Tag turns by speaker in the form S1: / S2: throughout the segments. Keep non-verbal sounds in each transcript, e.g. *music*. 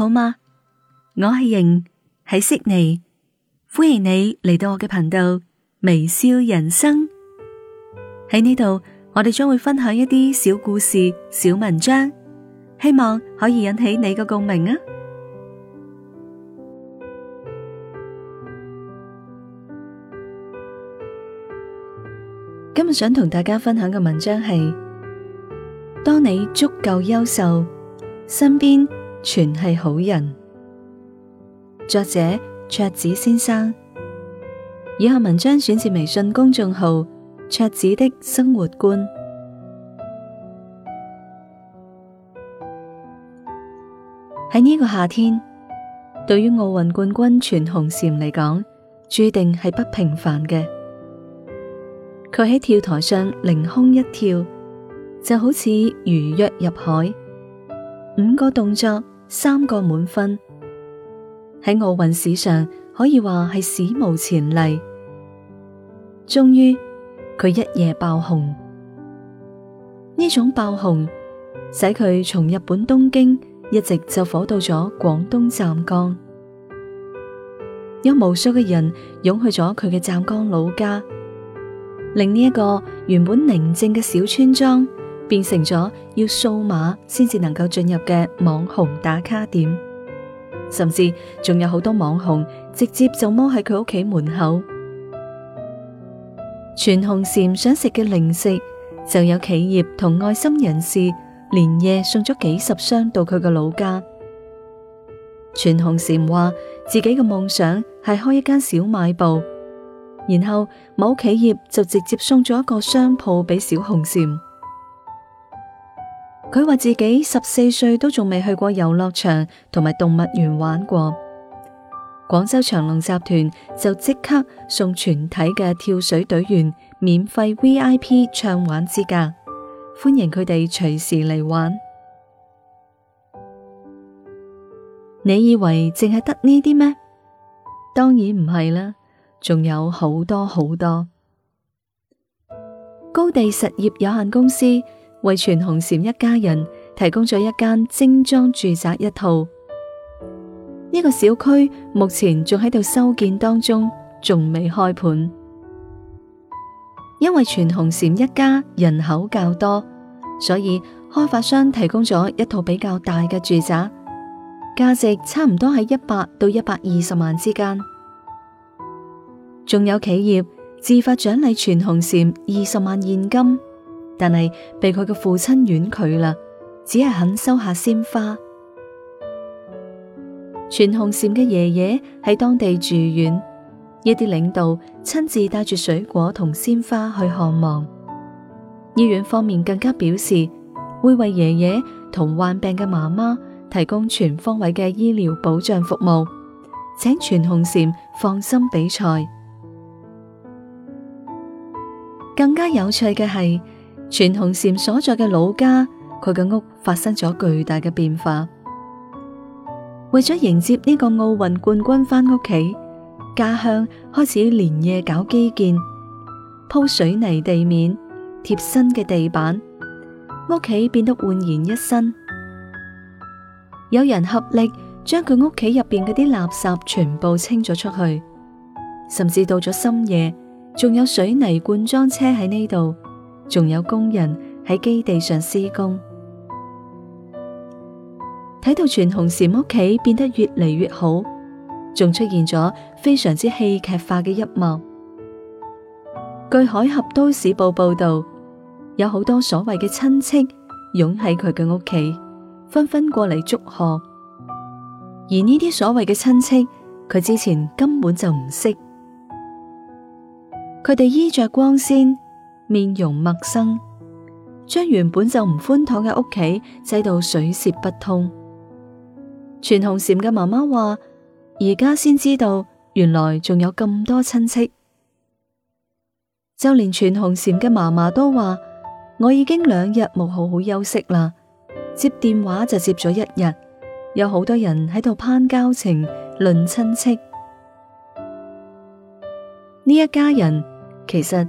S1: 好嗎？我係瑩，喺悉尼，歡迎你嚟到我嘅頻道微笑人生。喺呢度，我哋將會分享一啲小故事、小文章，希望可以引起你嘅共鳴啊！今日想同大家分享嘅文章係：當你足夠優秀，身邊。全係好人。作者卓子先生。以下文章選自微信公眾號卓子的生活觀。喺呢個夏天，對於奧運冠軍全紅嬋嚟講，注定係不平凡嘅。佢喺跳台上凌空一跳，就好似魚躍入海，五個動作。三個滿分，喺奧運史上可以話係史無前例。終於，佢一夜爆紅。呢種爆紅使佢從日本東京一直就火到咗廣東湛江，有無數嘅人湧去咗佢嘅湛江老家，令呢一個原本寧靜嘅小村莊，變成咗要掃碼先至能夠進入嘅網紅打卡點，甚至仲有好多網紅直接就踎喺佢屋企門口。全紅嬋想食嘅零食，就有企業同愛心人士連夜送咗幾十箱到佢嘅老家。全紅嬋話自己嘅夢想係開一間小賣部，然後某企業就直接送咗一個商鋪俾小紅嬋。佢話自己十四歲都仲未去過遊樂場同埋動物園玩過。廣州長隆集團就即刻送全體嘅跳水隊員免費 V I P 暢玩資格，歡迎佢哋隨時嚟玩。 *music* 你以為淨係得呢啲咩？當然唔係啦，仲有好多好多。高地實業有限公司。為全紅嬋一家人提供咗一間精裝住宅一套。呢、這個小區目前仲喺度修建當中，仲未開盤。因為全紅嬋一家人口較多，所以開發商提供咗一套比較大嘅住宅，價值差唔多喺一百到一百二十萬之間。仲有企業自發獎勵全紅嬋二十萬現金。但係被佢嘅父親婉拒啦，只係肯收下鮮花。全紅嬋嘅爺爺喺當地住院，一啲領導親自帶住水果同鮮花去看望。醫院方面更加表示會為爺爺同患病嘅媽媽提供全方位嘅醫療保障服務，請全紅嬋放心比賽。更加有趣嘅係，全紅嬋所在嘅老家，佢嘅屋發生咗巨大嘅變化。為咗迎接呢個奧運冠軍翻屋企，家鄉開始連夜搞基建，鋪水泥地面，貼新嘅地板，屋企變得煥然一新。有人合力將佢屋企入邊嗰啲垃圾全部清咗出去，甚至到咗深夜，仲有水泥罐裝車喺呢度。仲有工人喺基地上施工，睇到全紅嬋屋企變得越嚟越好，仲出現咗非常之戲劇化嘅一幕。據《海峽都市報》報道，有好多所謂嘅親戚湧喺佢嘅屋企，紛紛過嚟祝賀。而呢啲所謂嘅親戚，佢之前根本就唔識，佢哋衣着光鮮。面容陌生，將原本就唔寬敞嘅屋企擠到水泄不通。全紅嬋嘅媽媽話：而家先知道，原來仲有咁多親戚。就連全紅嬋嘅媽媽都話：我已經兩日冇好好休息啦，接電話就接咗一日，有好多人喺度攀交情、論親戚。呢一家人其實。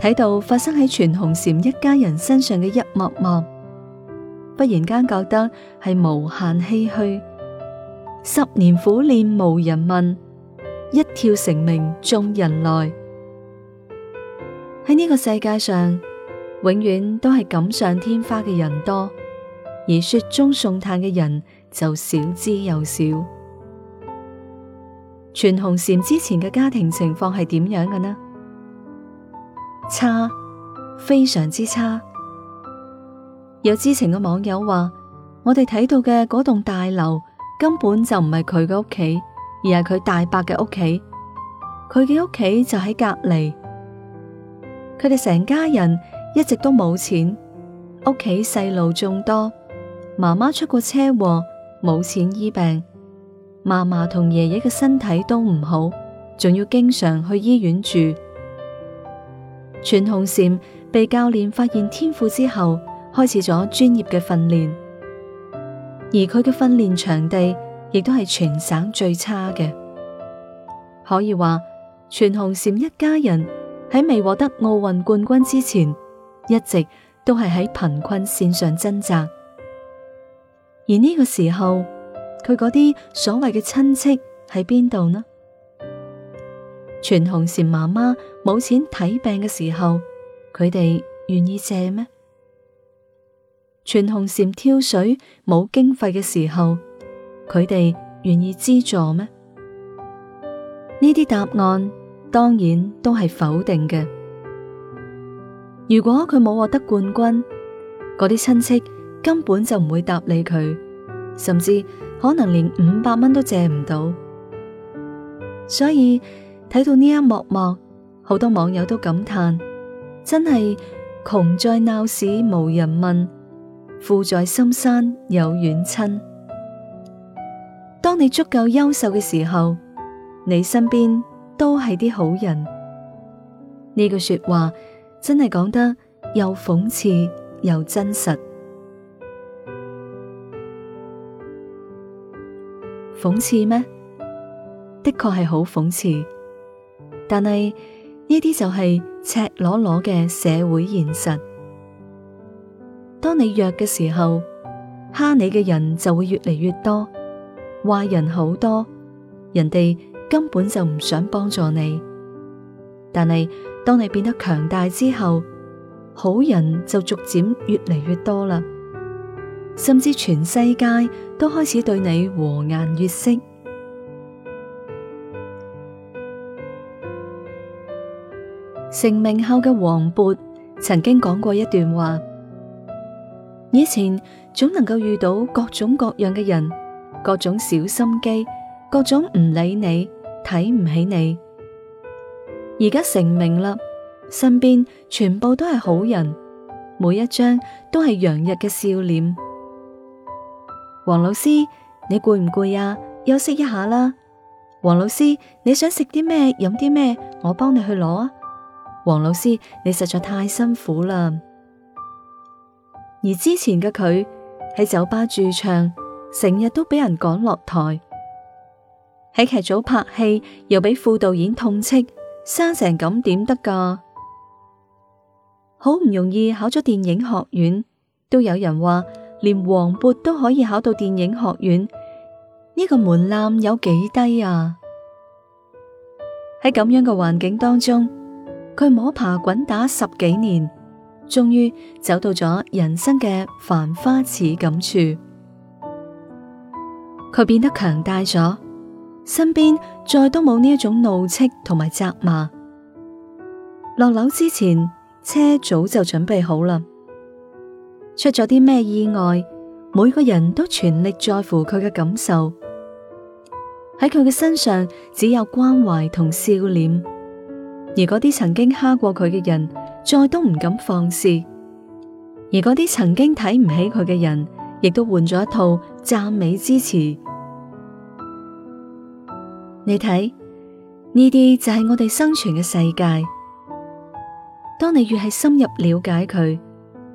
S1: 睇到發生喺全紅嬋一家人身上嘅一幕幕，忽然間覺得係無限唏噓。十年苦練無人問，一跳成名眾人來。喺呢個世界上，永遠都係錦上添花嘅人多，而雪中送炭嘅人就少之又少。全紅嬋之前嘅家庭情況係點樣嘅呢？差，非常之差。有知情嘅網友話，我哋睇到嘅嗰棟大樓根本就唔係佢嘅屋企，而係佢大伯嘅屋企。佢嘅屋企就喺隔籬。佢哋成家人一直都冇錢，屋企細路眾多，媽媽出過車禍，冇錢醫病，媽媽同爺爺嘅身體都唔好，仲要經常去醫院住。全紅嬋被教練發現天賦之後，開始咗專業嘅訓練，而佢嘅訓練場地亦都係全省最差嘅。可以話，全紅嬋一家人喺未獲得奧運冠軍之前，一直都係喺貧困綫上掙扎。而呢個時候，佢嗰啲所謂嘅親戚喺邊度呢？全紅嬋媽媽冇錢睇病嘅時候，佢哋願意借咩？全紅嬋跳水冇經費嘅時候，佢哋願意資助咩？呢啲答案當然都係否定嘅。如果佢冇獲得冠軍，嗰啲親戚根本就唔會搭理佢，甚至可能連五百蚊都借唔到。所以。睇到呢一幕幕，好多網友都感嘆：真係窮在鬧市無人問，富在深山有遠親。當你足夠優秀嘅時候，你身邊都係啲好人。呢句說話真係講得又諷刺又真實。諷刺咩？的確係好諷刺。但係呢啲就係赤裸裸嘅社會現實。當你弱嘅時候，蝦你嘅人就會越嚟越多，壞人好多，人哋根本就唔想幫助你。但係當你變得強大之後，好人就逐漸越嚟越多啦，甚至全世界都開始對你和顏悅色。成名後嘅黃渤曾經講過一段話：以前總能夠遇到各種各樣嘅人，各種小心機，各種唔理你，睇唔起你。而家成名啦，身邊全部都係好人，每一張都係洋溢嘅笑臉。黃老師，你攰唔攰啊？休息一下啦。黃老師，你想食啲咩？飲啲咩？我幫你去攞啊。黃老師，你實在太辛苦啦！而之前嘅佢喺酒吧駐唱，成日都俾人趕落台；喺劇組拍戲又俾副導演痛斥，生成咁點得噶？好唔容易考咗電影學院，都有人話連黃渤都可以考到電影學院，呢個門檻有幾低啊？喺咁樣嘅環境當中。佢摸爬滾打十幾年，終於走到咗人生嘅繁花似錦處。佢變得強大咗，身邊再都冇呢一種怒斥同埋責罵。落樓之前，車早就準備好啦。出咗啲咩意外，每個人都全力在乎佢嘅感受。喺佢嘅身上，只有關懷同笑臉。而嗰啲曾經蝦過佢嘅人，再都唔敢放肆；而嗰啲曾經睇唔起佢嘅人，亦都換咗一套讚美之詞。你睇呢啲就係我哋生存嘅世界。當你越係深入了解佢，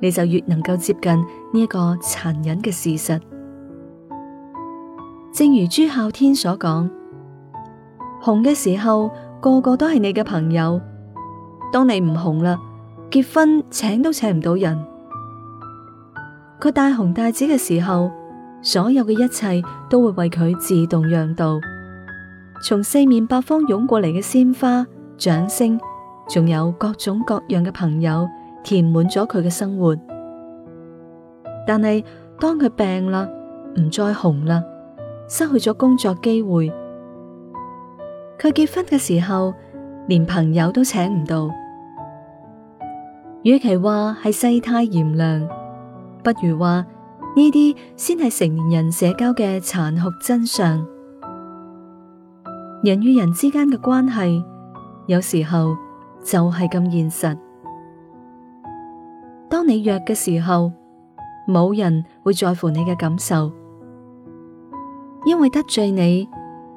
S1: 你就越能夠接近呢一個殘忍嘅事實。正如朱孝天所講，紅嘅時候。個個都係你嘅朋友，當你唔紅啦，結婚請都請唔到人。佢大紅大紫嘅時候，所有嘅一切都會為佢自動讓道，從四面八方湧過嚟嘅鮮花、掌聲，仲有各種各樣嘅朋友，填滿咗佢嘅生活。但係當佢病啦，唔再紅啦，失去咗工作機會。佢結婚嘅時候，連朋友都請唔到。與其話係世態炎涼，不如話呢啲先係成年人社交嘅殘酷真相。人與人之間嘅關係，有時候就係咁現實。當你弱嘅時候，冇人會在乎你嘅感受，因為得罪你，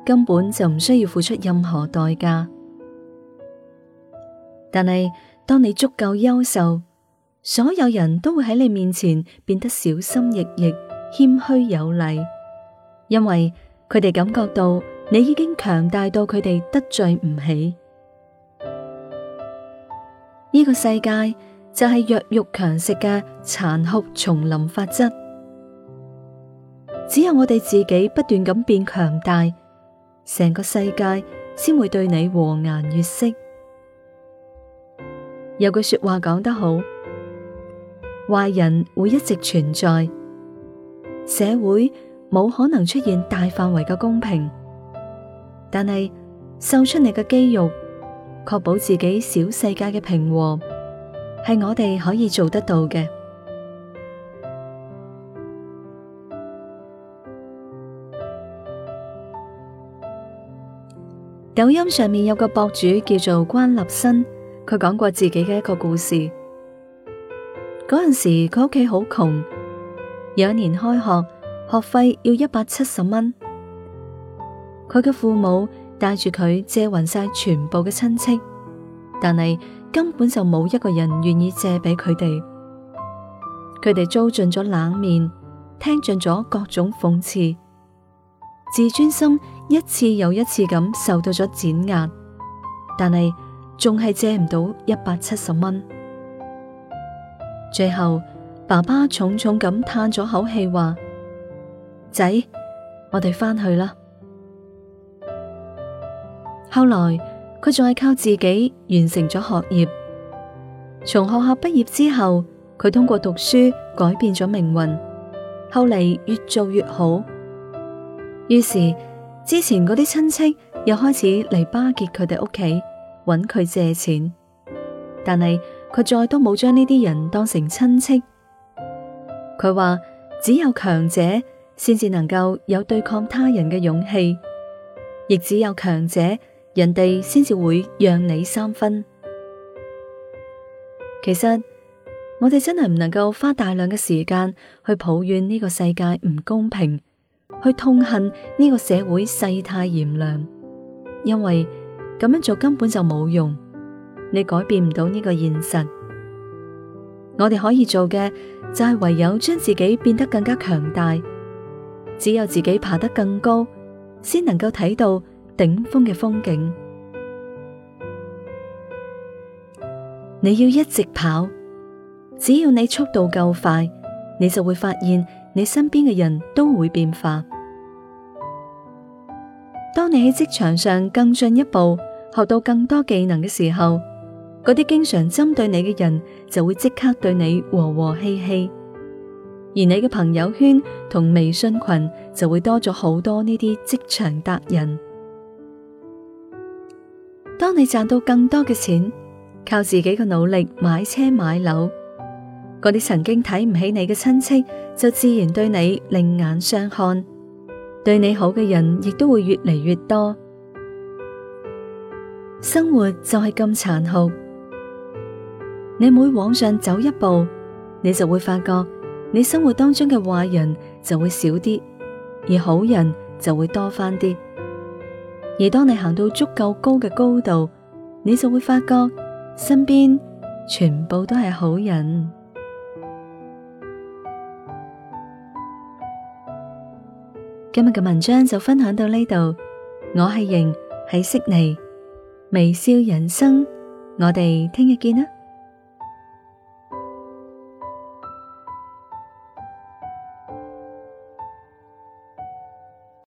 S1: 根本就唔需要付出任何代價，但係當你足夠優秀，所有人都會喺你面前變得小心翼翼、謙虛有禮，因為佢哋感覺到你已經強大到佢哋得罪唔起。呢個世界就係弱肉強食嘅殘酷叢林法則，只有我哋自己不斷咁變強大。成個世界先會對你和顏悅色。有句說話講得好，壞人會一直存在，社會冇可能出現大範圍嘅公平。但係秀出你嘅肌肉，確保自己小世界嘅平和，係我哋可以做得到嘅。抖音上面有個博主叫做關立新，佢講過自己嘅一個故事。嗰陣時佢屋企好窮，有一年開學，學費要一百七十蚊，佢嘅父母帶住佢借匀晒全部嘅親戚，但係根本就冇一個人願意借俾佢哋，佢哋遭盡咗冷面，聽盡咗各種諷刺。自尊心一次又一次咁受到咗碾壓，但係仲係借唔到一百七十蚊。最後，爸爸重重咁嘆咗口氣，話：仔，我哋翻去啦。後來，佢仲係靠自己完成咗學業。從學校畢業之後，佢通過讀書改變咗命運。後嚟越做越好。於是，之前嗰啲親戚又開始嚟巴結佢哋屋企，揾佢借錢。但係佢再都冇將呢啲人當成親戚。佢話只有強者先至能夠有對抗他人嘅勇氣，亦只有強者人哋先至會讓你三分。其實我哋真係唔能夠花大量嘅時間去抱怨呢個世界唔公平。去痛恨呢個社會世態炎涼，因為咁樣做根本就冇用，你改變唔到呢個現實。我哋可以做嘅就係唯有將自己變得更加強大，只有自己爬得更高，先能夠睇到頂峰嘅風景。你要一直跑，只要你速度夠快，你就會發現。你身邊嘅人都會變化。當你喺職場上更進一步，學到更多技能嘅時候，嗰啲經常針對你嘅人就會即刻對你和和氣氣，而你嘅朋友圈同微信群就會多咗好多呢啲職場達人。當你賺到更多嘅錢，靠自己嘅努力買車買樓。嗰啲曾經睇唔起你嘅親戚，就自然對你另眼相看，對你好嘅人亦都會越嚟越多。生活就係咁殘酷，你每往上走一步，你就會發覺你生活當中嘅壞人就會少啲，而好人就會多翻啲。而當你行到足夠高嘅高度，你就會發覺身邊全部都係好人。今日嘅文章就分享到呢度，我係瑩喺悉尼微笑人生，我哋聽日見啦。